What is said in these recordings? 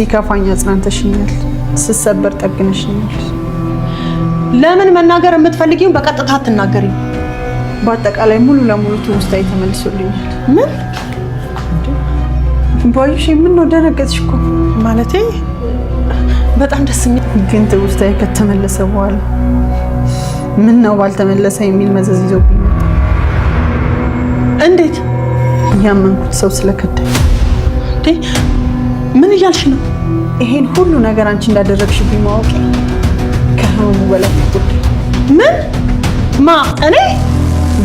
ሲከፋኝ አጽናንተሽኛል፣ ስሰበር ጠግነሽኛል። ለምን መናገር የምትፈልጊውን በቀጥታ አትናገሪም? በአጠቃላይ ሙሉ ለሙሉ ትውስታዬ ተመልሶልኛል። ምን ባዩሽ፣ የምነው ደነገጥሽ እኮ ማለቴ በጣም ደስ የሚል ግን ትውስታዬ ከተመለሰ በኋላ ምን ነው ባልተመለሰ የሚል መዘዝ ይዞብኝ እንዴት ያመንኩት ሰው ስለከዳኝ ምን እያልሽ ነው? ይሄን ሁሉ ነገር አንቺ እንዳደረግሽብኝ ማወቅ ከህመሙ በላይ ምን ማ እኔ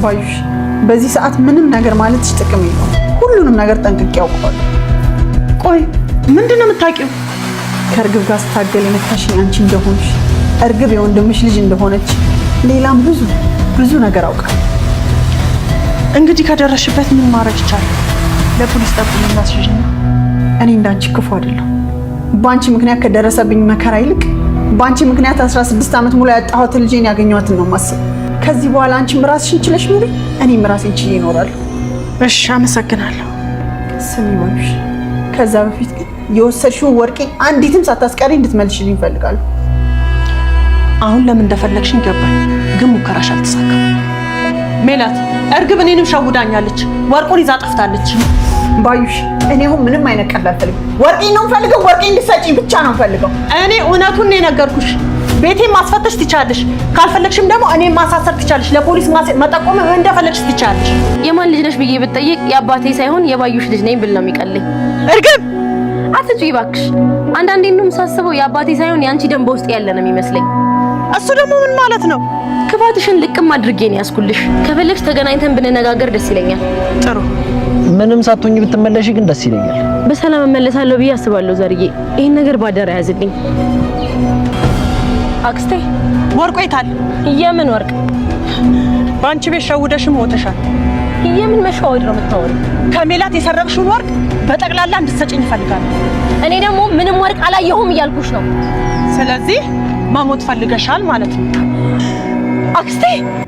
ባዩሽ፣ በዚህ ሰዓት ምንም ነገር ማለትሽ ጥቅም የለው። ሁሉንም ነገር ጠንቅቄ ያውቀዋል ቆይ ምንድን ነው የምታውቂው? ከእርግብ ጋር ስታገል የመታሽኝ አንቺ እንደሆንሽ እርግብ የወንድምሽ ልጅ እንደሆነች ሌላም ብዙ ብዙ ነገር አውቃል። እንግዲህ ከደረሽበት ምን ማድረግ ይቻላል? ለፖሊስ ጠብቁ እናስሽኝ እኔ እንዳንቺ ክፉ አይደለሁ። በአንቺ ምክንያት ከደረሰብኝ መከራ ይልቅ በአንቺ ምክንያት 16 ዓመት ሙሉ ያጣሁት ልጄን ያገኘኋትን ነው ማስብ። ከዚህ በኋላ አንቺም ራስሽን ችለሽ ኑሪ፣ እኔም ራሴን ችዬ እኖራለሁ። እሺ፣ አመሰግናለሁ። ስሚ ባዩሽ፣ ከዛ በፊት ግን የወሰድሽውን ወርቄ አንዲትም ሳታስቀሪ እንድትመልሽልኝ ይፈልጋሉ። አሁን ለምን እንደፈለግሽኝ ገባኝ፣ ግን ሙከራሽ አልተሳካም። ሜላት፣ እርግብ እኔንም ሸውዳኛለች። ወርቁን ይዛ ጠፍታለች። ባዩሽ እኔ አሁን ምንም አይነት ቀልድ አልፈልግም። ወርቄ ነው ፈልገው፣ ወርቄ እንድትሰጪኝ ብቻ ነው ፈልገው። እኔ እውነቱን ነው የነገርኩሽ። ቤቴን ማስፈተሽ ትቻለሽ፣ ካልፈለግሽም ደግሞ እኔ ማሳሰር ትቻለሽ፣ ለፖሊስ መጠቆም እንደፈለግሽ ትቻለሽ። የማን ልጅ ነሽ ብዬ ብትጠይቅ የአባቴ ሳይሆን የባዩሽ ልጅ ነኝ ብል ነው የሚቀለኝ። እርግብ አትጩ ይባክሽ። አንዳንዴ እንደውም ሳስበው የአባቴ ሳይሆን የአንቺ ደም በውስጥ ያለ ነው የሚመስለኝ። እሱ ደግሞ ምን ማለት ነው? ክፋትሽን ልቅም አድርጌ ነው ያስኩልሽ። ከፈለግሽ ተገናኝተን ብንነጋገር ደስ ይለኛል። ጥሩ ምንም ሳትሆኝ ብትመለሽ ግን ደስ ይለኛል። በሰላም እመለሳለሁ ብዬ አስባለሁ። ዘርዬ ይህን ነገር ባደራ ያዝልኝ። አክስቴ ወርቆ የታል? የምን ወርቅ? በአንቺ ቤት ሸውደሽም ሞተሻል። የምን መሸዋወድ ነው የምታወሪው? ከሜላት የሰረቅሽውን ወርቅ በጠቅላላ እንድትሰጭኝ እፈልጋለሁ። እኔ ደግሞ ምንም ወርቅ አላየሁም እያልኩሽ ነው። ስለዚህ መሞት ፈልገሻል ማለት ነው። አክስቴ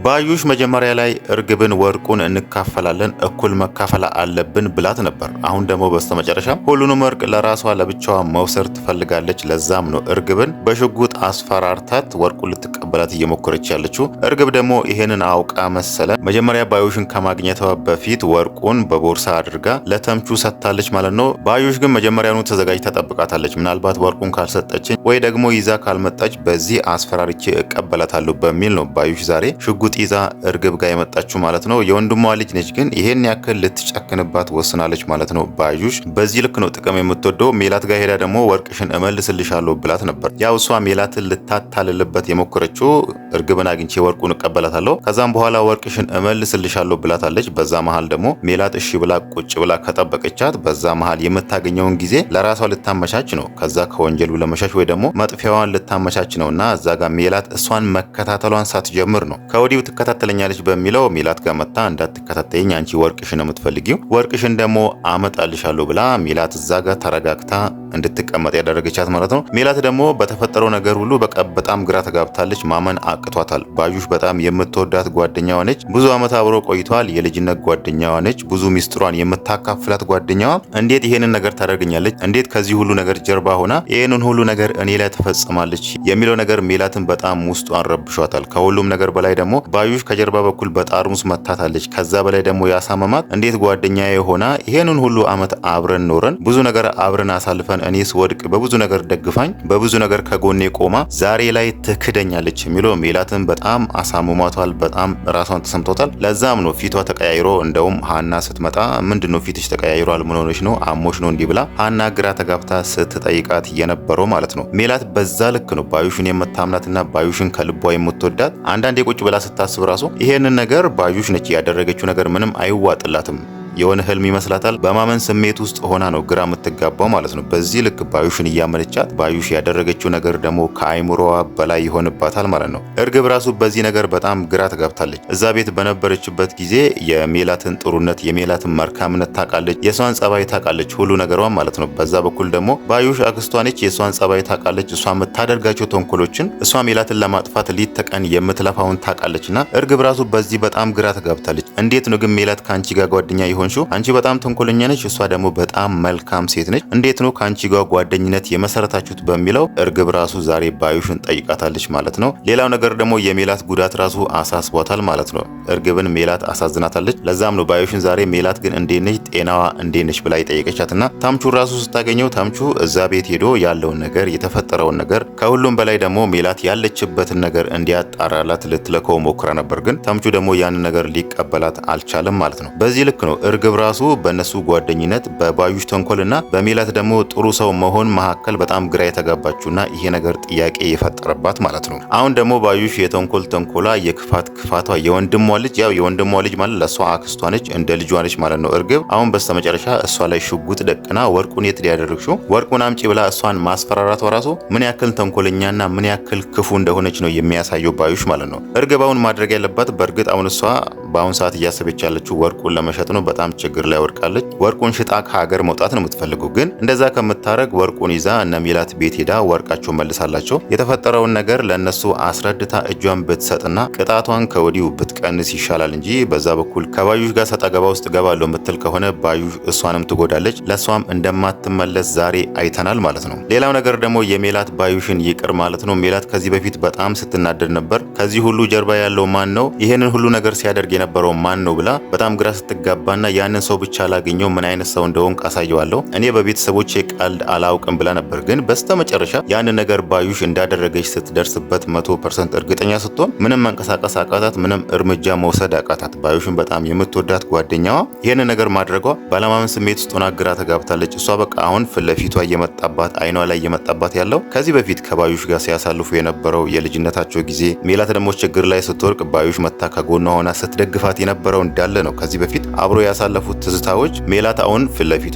ባዩሽ መጀመሪያ ላይ እርግብን ወርቁን እንካፈላለን እኩል መካፈል አለብን ብላት ነበር። አሁን ደግሞ በስተመጨረሻ ሁሉንም ወርቅ ለራሷ ለብቻዋ መውሰድ ትፈልጋለች። ለዛም ነው እርግብን በሽጉጥ አስፈራርታት ወርቁን ልትቀበላት እየሞከረች ያለችው። እርግብ ደግሞ ይሄንን አውቃ መሰለ መጀመሪያ ባዩሽን ከማግኘቷ በፊት ወርቁን በቦርሳ አድርጋ ለተምቹ ሰጥታለች ማለት ነው። ባዩሽ ግን መጀመሪያኑ ተዘጋጅታ ጠብቃታለች። ምናልባት ወርቁን ካልሰጠችኝ ወይ ደግሞ ይዛ ካልመጣች በዚህ አስፈራርቼ እቀበላታለሁ በሚል ነው ባዩ አዩሽ ዛሬ ሽጉጥ ይዛ እርግብ ጋር የመጣችሁ ማለት ነው። የወንድሟ ልጅ ነች፣ ግን ይሄን ያክል ልትጨክንባት ወስናለች ማለት ነው። በአዩሽ በዚህ ልክ ነው ጥቅም የምትወደው። ሜላት ጋር ሄዳ ደግሞ ወርቅሽን እመልስልሻለሁ ብላት ነበር። ያው እሷ ሜላትን ልታታልልበት የሞከረችው እርግብን አግኝቼ ወርቁን እቀበላታለሁ፣ ከዛም በኋላ ወርቅሽን እመልስልሻለሁ ብላታለች። በዛ መሀል ደግሞ ሜላት እሺ ብላ ቁጭ ብላ ከጠበቀቻት በዛ መሀል የምታገኘውን ጊዜ ለራሷ ልታመቻች ነው። ከዛ ከወንጀሉ ለመሻሽ ወይ ደግሞ መጥፊያዋን ልታመቻች ነው እና እዛ ጋር ሜላት እሷን መከታተሏን ሳትጀ ጭምር ነው። ከወዲሁ ትከታተለኛለች በሚለው ሚላት ጋር መታ እንዳትከታተይኝ አንቺ ወርቅሽ ነው የምትፈልጊው፣ ወርቅሽን ደግሞ አመጣልሻለሁ ብላ ሚላት እዛ ጋር ተረጋግታ እንድትቀመጥ ያደረገቻት ማለት ነው። ሚላት ደግሞ በተፈጠረው ነገር ሁሉ በቃ በጣም ግራ ተጋብታለች። ማመን አቅቷታል። ባዩሽ በጣም የምትወዳት ጓደኛዋ ነች። ብዙ አመት አብሮ ቆይቷል። የልጅነት ጓደኛዋ ነች። ብዙ ሚስጥሯን የምታካፍላት ጓደኛዋ እንዴት ይሄንን ነገር ታደርገኛለች? እንዴት ከዚህ ሁሉ ነገር ጀርባ ሆና ይህንን ሁሉ ነገር እኔ ላይ ትፈጽማለች? የሚለው ነገር ሜላትን በጣም ውስጧን ረብሿታል። ከሁሉም ነገር በላይ ደግሞ ባዩሽ ከጀርባ በኩል በጣርሙስ መታታለች። ከዛ በላይ ደግሞ ያሳመማት እንዴት ጓደኛ የሆና ይሄንን ሁሉ አመት አብረን ኖረን ብዙ ነገር አብረን አሳልፈን እኔ ስወድቅ በብዙ ነገር ደግፋኝ፣ በብዙ ነገር ከጎኔ ቆማ ዛሬ ላይ ትክደኛለች የሚለው ሜላትን በጣም አሳምሟቷል። በጣም ራሷን ተሰምቶታል። ለዛም ነው ፊቷ ተቀያይሮ እንደውም ሀና ስትመጣ ምንድነው ፊትሽ ተቀያይሯል? ምን ሆነሽ ነው? አሞሽ ነው? እንዲህ ብላ ሀና ግራ ተጋብታ ስትጠይቃት የነበረው ማለት ነው። ሜላት በዛ ልክ ነው ባዩሽን የምታምናትና ባዩሽን ከልቧ የምትወዳት አንድ አንዳንዴ ቁጭ ብላ ስታስብ ራሱ ይሄንን ነገር ባዩሽ ነች ያደረገችው ነገር ምንም አይዋጥላትም የሆነ ህልም ይመስላታል። በማመን ስሜት ውስጥ ሆና ነው ግራ የምትጋባው ማለት ነው። በዚህ ልክ ባዩሽን እያመነቻት፣ ባዩሽ ያደረገችው ነገር ደግሞ ከአይምሮዋ በላይ ይሆንባታል ማለት ነው። እርግብ ራሱ በዚህ ነገር በጣም ግራ ትጋብታለች። እዛ ቤት በነበረችበት ጊዜ የሜላትን ጥሩነት፣ የሜላትን መልካምነት ታውቃለች፣ የእሷን ጸባይ ታውቃለች፣ ሁሉ ነገሯን ማለት ነው። በዛ በኩል ደግሞ ባዩሽ አክስቷ ነች፣ የእሷን ጸባይ ታውቃለች። እሷ የምታደርጋቸው ተንኮሎችን እሷ ሜላትን ለማጥፋት ሊት ተቀን የምትለፋውን ታውቃለች። ና እርግብ ራሱ በዚህ በጣም ግራ ትጋብታለች። እንዴት ነው ግን ሜላት ከአንቺ ጋር ጓደኛ ይሆን የሆንሽው። አንቺ በጣም ተንኮለኛ ነች፣ እሷ ደግሞ በጣም መልካም ሴት ነች። እንዴት ነው ከአንቺ ጋር ጓደኝነት የመሰረታችሁት በሚለው እርግብ ራሱ ዛሬ ባዩሽን ጠይቃታለች ማለት ነው። ሌላው ነገር ደግሞ የሜላት ጉዳት ራሱ አሳስቧታል ማለት ነው። እርግብን ሜላት አሳዝናታለች። ለዛም ነው ባዩሽን ዛሬ ሜላት ግን እንዴት ነች፣ ጤናዋ እንዴት ነች ብላ የጠየቀቻትና ታምቹ ራሱ ስታገኘው ታምቹ እዛ ቤት ሄዶ ያለውን ነገር የተፈጠረውን ነገር ከሁሉም በላይ ደግሞ ሜላት ያለችበትን ነገር እንዲያጣራላት ልትለከው ሞክራ ነበር። ግን ታምቹ ደግሞ ያንን ነገር ሊቀበላት አልቻለም ማለት ነው። በዚህ ልክ ነው እርግብ ራሱ በእነሱ ጓደኝነት በባዩሽ ተንኮልና በሜላት ደግሞ ጥሩ ሰው መሆን መካከል በጣም ግራ የተጋባችውና ይሄ ነገር ጥያቄ የፈጠረባት ማለት ነው። አሁን ደግሞ ባዩሽ የተንኮል ተንኮላ፣ የክፋት ክፋቷ የወንድሟ ልጅ ያው የወንድሟ ልጅ ማለት ለእሷ አክስቷ ነች እንደ ልጇ ነች ማለት ነው። እርግብ አሁን በስተመጨረሻ እሷ ላይ ሽጉጥ ደቅና ወርቁን የት ሊያደርግሽው ወርቁን አምጪ ብላ እሷን ማስፈራራቷ ራሱ ምን ያክል ተንኮለኛና ምን ያክል ክፉ እንደሆነች ነው የሚያሳየው ባዩሽ ማለት ነው። እርግብ አሁን ማድረግ ያለባት በእርግጥ አሁን እሷ በአሁን ሰዓት እያሰበች ያለችው ወርቁን ለመሸጥ ነው በጣም በጣም ችግር ላይ ወድቃለች። ወርቁን ሽጣ ከሀገር መውጣት ነው የምትፈልገው። ግን እንደዛ ከምታደረግ ወርቁን ይዛ እነ ሚላት ቤት ሄዳ ወርቃቸው መልሳላቸው የተፈጠረውን ነገር ለእነሱ አስረድታ እጇን ብትሰጥና ቅጣቷን ከወዲሁ ብትቀንስ ይሻላል እንጂ በዛ በኩል ከባዩሽ ጋር ሰጠገባ ውስጥ ገባለሁ የምትል ከሆነ ባዩሽ እሷንም ትጎዳለች፣ ለእሷም እንደማትመለስ ዛሬ አይተናል ማለት ነው። ሌላው ነገር ደግሞ የሜላት ባዩሽን ይቅር ማለት ነው። ሜላት ከዚህ በፊት በጣም ስትናደድ ነበር። ከዚህ ሁሉ ጀርባ ያለው ማን ነው? ይህንን ሁሉ ነገር ሲያደርግ የነበረው ማን ነው ብላ በጣም ግራ ስትጋባና ያንን ሰው ብቻ ላገኘው ምን አይነት ሰው እንደሆንክ አሳየዋለሁ። እኔ በቤተሰቦች ቀልድ አላውቅም ብላ ነበር። ግን በስተመጨረሻ ያንን ነገር ባዩሽ እንዳደረገች ስትደርስበት መቶ ፐርሰንት እርግጠኛ ስትሆን ምንም መንቀሳቀስ አቃታት፣ ምንም እርምጃ መውሰድ አቃታት። ባዩሽን በጣም የምትወዳት ጓደኛዋ ይህንን ነገር ማድረጓ ባለማመን ስሜት ውስጥ ሆና ግራ ተጋብታለች። እሷ በቃ አሁን ፊት ለፊቷ እየመጣባት አይኗ ላይ እየመጣባት ያለው ከዚህ በፊት ከባዩሽ ጋር ሲያሳልፉ የነበረው የልጅነታቸው ጊዜ ሜላት ደግሞ ችግር ላይ ስትወርቅ ባዩሽ መታ ከጎኗ ሆና ስትደግፋት የነበረው እንዳለ ነው ከዚህ በፊት አብሮ ያሳ ያሳለፉት ትዝታዎች ሜላት አሁን ፊት ለፊቷ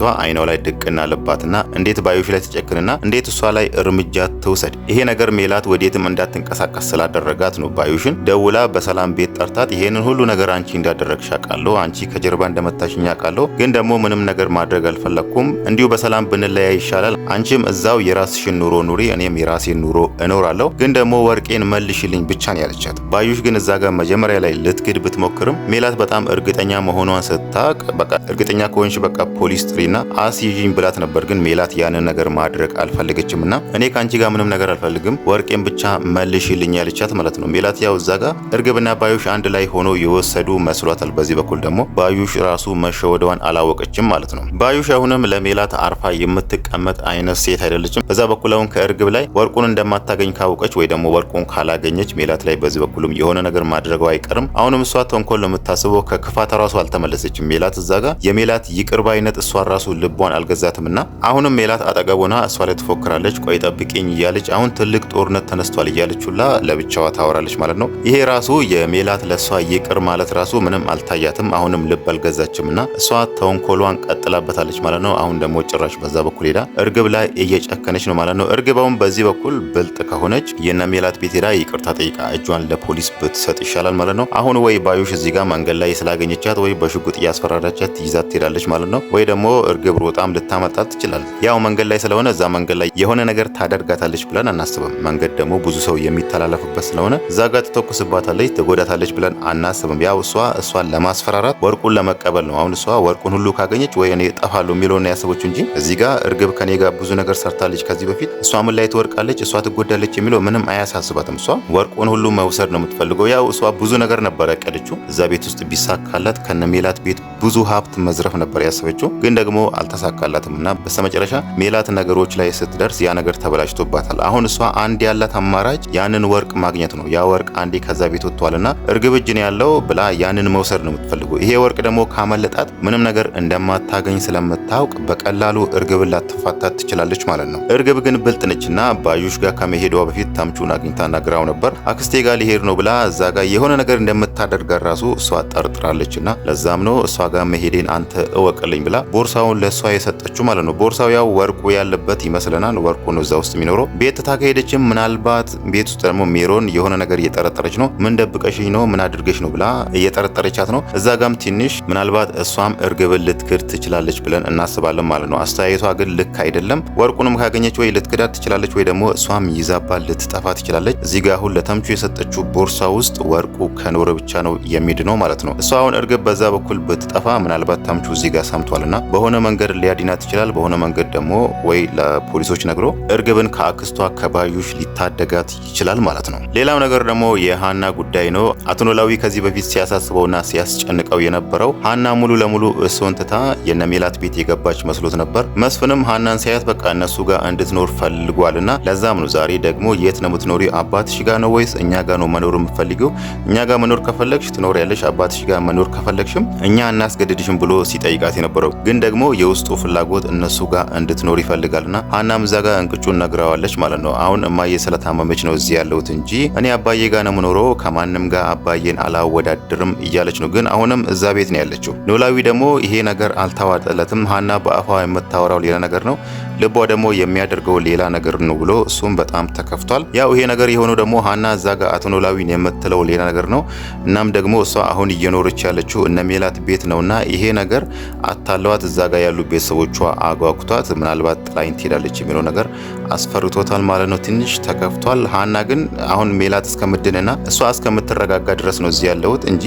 ላይ ድቅና ልባትና እንዴት ባዩሽ ላይ ተጨክንና እንዴት እሷ ላይ እርምጃ ትውሰድ? ይሄ ነገር ሜላት ወዴትም እንዳትንቀሳቀስ ስላደረጋት ነው። ባዩሽን ደውላ በሰላም ቤት ጠርታት ይሄንን ሁሉ ነገር አንቺ እንዳደረግሽ አውቃለሁ፣ አንቺ ከጀርባ እንደመታሽኝ አውቃለሁ፣ ግን ደግሞ ምንም ነገር ማድረግ አልፈለግኩም፣ እንዲሁ በሰላም ብንለያ ይሻላል። አንቺም እዛው የራስሽን ኑሮ ኑሪ፣ እኔም የራሴን ኑሮ እኖራለሁ፣ ግን ደግሞ ወርቄን መልሽልኝ ብቻ ነው ያለቻት። ባዩሽ ግን እዛ ጋር መጀመሪያ ላይ ልትክድ ብትሞክርም ሜላት በጣም እርግጠኛ መሆኗን ስታ። በቃ እርግጠኛ ከሆንሽ በቃ ፖሊስ ጥሪና አስይዥኝ ብላት ነበር። ግን ሜላት ያንን ነገር ማድረግ አልፈለገችም እና እኔ ከአንቺ ጋር ምንም ነገር አልፈልግም ወርቄን ብቻ መልሽልኝ ያለቻት ማለት ነው። ሜላት ያው እዛ ጋር እርግብና ባዩሽ አንድ ላይ ሆኖ የወሰዱ መስሏታል። በዚህ በኩል ደግሞ ባዩሽ ራሱ መሸወደዋን አላወቀችም ማለት ነው። ባዩሽ አሁንም ለሜላት አርፋ የምትቀመጥ አይነት ሴት አይደለችም። በዛ በኩል አሁን ከእርግብ ላይ ወርቁን እንደማታገኝ ካወቀች ወይ ደግሞ ወርቁን ካላገኘች ሜላት ላይ በዚህ በኩልም የሆነ ነገር ማድረገው አይቀርም። አሁንም እሷ ተንኮል ነው የምታስበው። ከክፋት ራሱ አልተመለሰችም። ሜላት እዛ ጋር የሜላት ይቅር አይነት እሷ ራሱ ልቧን አልገዛትም ና አሁንም ሜላት አጠገቡና እሷ ላይ ትፎክራለች። ቆይ ጠብቂኝ እያለች አሁን ትልቅ ጦርነት ተነስቷል እያለች ሁላ ለብቻዋ ታወራለች ማለት ነው። ይሄ ራሱ የሜላት ለእሷ ይቅር ማለት ራሱ ምንም አልታያትም። አሁንም ልብ አልገዛችም ና እሷ ተንኮሏን ቀጥላበታለች ማለት ነው። አሁን ደግሞ ጭራሽ በዛ በኩል ሄዳ እርግብ ላይ እየጨከነች ነው ማለት ነው። እርግብ አሁን በዚህ በኩል ብልጥ ከሆነች የነ ሜላት ቤት ሄዳ ይቅርታ ጠይቃ እጇን ለፖሊስ ብትሰጥ ይሻላል ማለት ነው። አሁን ወይ ባዩሽ እዚህ ጋር መንገድ ላይ ስላገኘቻት ወይ በሽጉጥ እያስፈራ እያንፈራራቻት ይዛት ትሄዳለች ማለት ነው። ወይ ደግሞ እርግብ ሮጣም ልታመጣ ትችላለች። ያው መንገድ ላይ ስለሆነ እዛ መንገድ ላይ የሆነ ነገር ታደርጋታለች ብለን አናስብም። መንገድ ደግሞ ብዙ ሰው የሚተላለፍበት ስለሆነ እዛ ጋር ትተኩስባታለች፣ ትጎዳታለች ብለን አናስብም። ያው እሷ እሷን ለማስፈራራት ወርቁን ለመቀበል ነው። አሁን እሷ ወርቁን ሁሉ ካገኘች ወይ እኔ እጠፋለሁ የሚለውን ያሰቦች እንጂ እዚህ ጋር እርግብ ከኔ ጋር ብዙ ነገር ሰርታለች ከዚህ በፊት እሷ ምን ላይ ትወርቃለች፣ እሷ ትጎዳለች የሚለው ምንም አያሳስባትም። እሷ ወርቁን ሁሉ መውሰድ ነው የምትፈልገው። ያው እሷ ብዙ ነገር ነበረ ያቀደችው እዛ ቤት ውስጥ ቢሳካላት ከነ ሜላት ቤት ብዙ ሀብት መዝረፍ ነበር ያሰበችው፣ ግን ደግሞ አልተሳካላትም እና በስተመጨረሻ ሜላት ነገሮች ላይ ስትደርስ ያ ነገር ተበላሽቶባታል። አሁን እሷ አንድ ያላት አማራጭ ያንን ወርቅ ማግኘት ነው። ያ ወርቅ አንዴ ከዛ ቤት ወጥቷልና እርግብ እጅ ነው ያለው ብላ ያንን መውሰድ ነው የምትፈልገው። ይሄ ወርቅ ደግሞ ካመለጣት ምንም ነገር እንደማታገኝ ስለምታውቅ በቀላሉ እርግብን ላትፋታት ትችላለች ማለት ነው። እርግብ ግን ብልጥ ነችና ባዩሽ ጋር ከመሄዷ በፊት ተምቹን አግኝታ ናግራው ነበር። አክስቴ ጋር ሊሄድ ነው ብላ እዛ ጋር የሆነ ነገር እንደምታደርጋት ራሱ እሷ ጠርጥራለችና ለዛም ነው እሷ ጋር መሄዴን አንተ እወቅልኝ ብላ ቦርሳውን ለእሷ የሰጠችው ማለት ነው። ቦርሳው ያው ወርቁ ያለበት ይመስለናል። ወርቁ ነው እዛ ውስጥ የሚኖረው። ቤት ታካሄደችም። ምናልባት ቤት ውስጥ ደግሞ ሜሮን የሆነ ነገር እየጠረጠረች ነው። ምን ደብቀሽኝ ነው? ምን አድርገሽ ነው? ብላ እየጠረጠረቻት ነው። እዛ ጋም ትንሽ ምናልባት እሷም እርግብን ልትክድ ትችላለች ብለን እናስባለን ማለት ነው። አስተያየቷ ግን ልክ አይደለም። ወርቁንም ካገኘች ወይ ልትክዳት ትችላለች ወይ ደግሞ እሷም ይዛባል ልትጠፋ ትችላለች። እዚህ ጋ አሁን ለተምቹ የሰጠችው ቦርሳ ውስጥ ወርቁ ከኖረ ብቻ ነው የሚድ ነው ማለት ነው። እሷ አሁን እርግብ በዛ በኩል ብትጠ ስታጠፋ ምናልባት ታምቹ እዚህ ጋር ሰምቷልና በሆነ መንገድ ሊያድናት ይችላል። በሆነ መንገድ ደግሞ ወይ ለፖሊሶች ነግሮ እርግብን ከአክስቷ ከባዩሽ ሊታደጋት ይችላል ማለት ነው። ሌላው ነገር ደግሞ የሀና ጉዳይ ነው። አቶ ኖላዊ ከዚህ በፊት ሲያሳስበውና ሲያስጨንቀው የነበረው ሃና ሙሉ ለሙሉ እሱን ትታ የነሜላት ቤት የገባች መስሎት ነበር። መስፍንም ሀናን ሲያያት በቃ እነሱ ጋር እንድትኖር ፈልጓልና ለዛም ነው ዛሬ ደግሞ የት ነው ምትኖሪ? አባትሽ ጋ ነው ወይስ እኛ ጋ ነው መኖር የምትፈልጊው? እኛ ጋር መኖር ከፈለግሽ ያለሽ አባትሽ ጋር መኖር ከፈለግሽም እኛ እና አላስገድድሽም ብሎ ሲጠይቃት የነበረው ግን ደግሞ የውስጡ ፍላጎት እነሱ ጋር እንድትኖር ይፈልጋልና ሀናም እዛ ጋር እንቅጩን ነግረዋለች ማለት ነው። አሁን እማዬ ስለታመመች ነው እዚህ ያለሁት እንጂ እኔ አባዬ ጋር ነው የምኖረው ከማንም ጋር አባዬን አላወዳድርም እያለች ነው። ግን አሁንም እዛ ቤት ነው ያለችው። ኖላዊ ደግሞ ይሄ ነገር አልተዋጠለትም። ሀና በአፏ የምታወራው ሌላ ነገር ነው። ልቧ ደግሞ የሚያደርገው ሌላ ነገር ነው ብሎ እሱም በጣም ተከፍቷል። ያው ይሄ ነገር የሆነው ደግሞ ሀና እዛ ጋር አቶ ኖላዊን የምትለው ሌላ ነገር ነው። እናም ደግሞ እሷ አሁን እየኖረች ያለችው እነ ሜላት ቤት ነውና ይሄ ነገር አታለዋት እዛ ጋር ያሉ ቤተሰቦቿ አጓጉቷት ምናልባት ጥላኝ ትሄዳለች የሚለው ነገር አስፈርቶታል ማለት ነው። ትንሽ ተከፍቷል። ሀና ግን አሁን ሜላት እስከምድንና እሷ እስከምትረጋጋ ድረስ ነው እዚህ ያለሁት እንጂ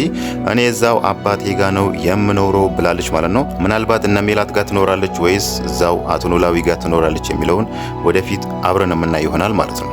እኔ እዛው አባቴ ጋ ነው የምኖረው ብላለች ማለት ነው። ምናልባት እነ ሜላት ጋር ትኖራለች ወይስ እዛው አቶ ኖላዊ ጋር ትኖራለች የሚለውን ወደፊት አብረን የምናይ ይሆናል ማለት ነው።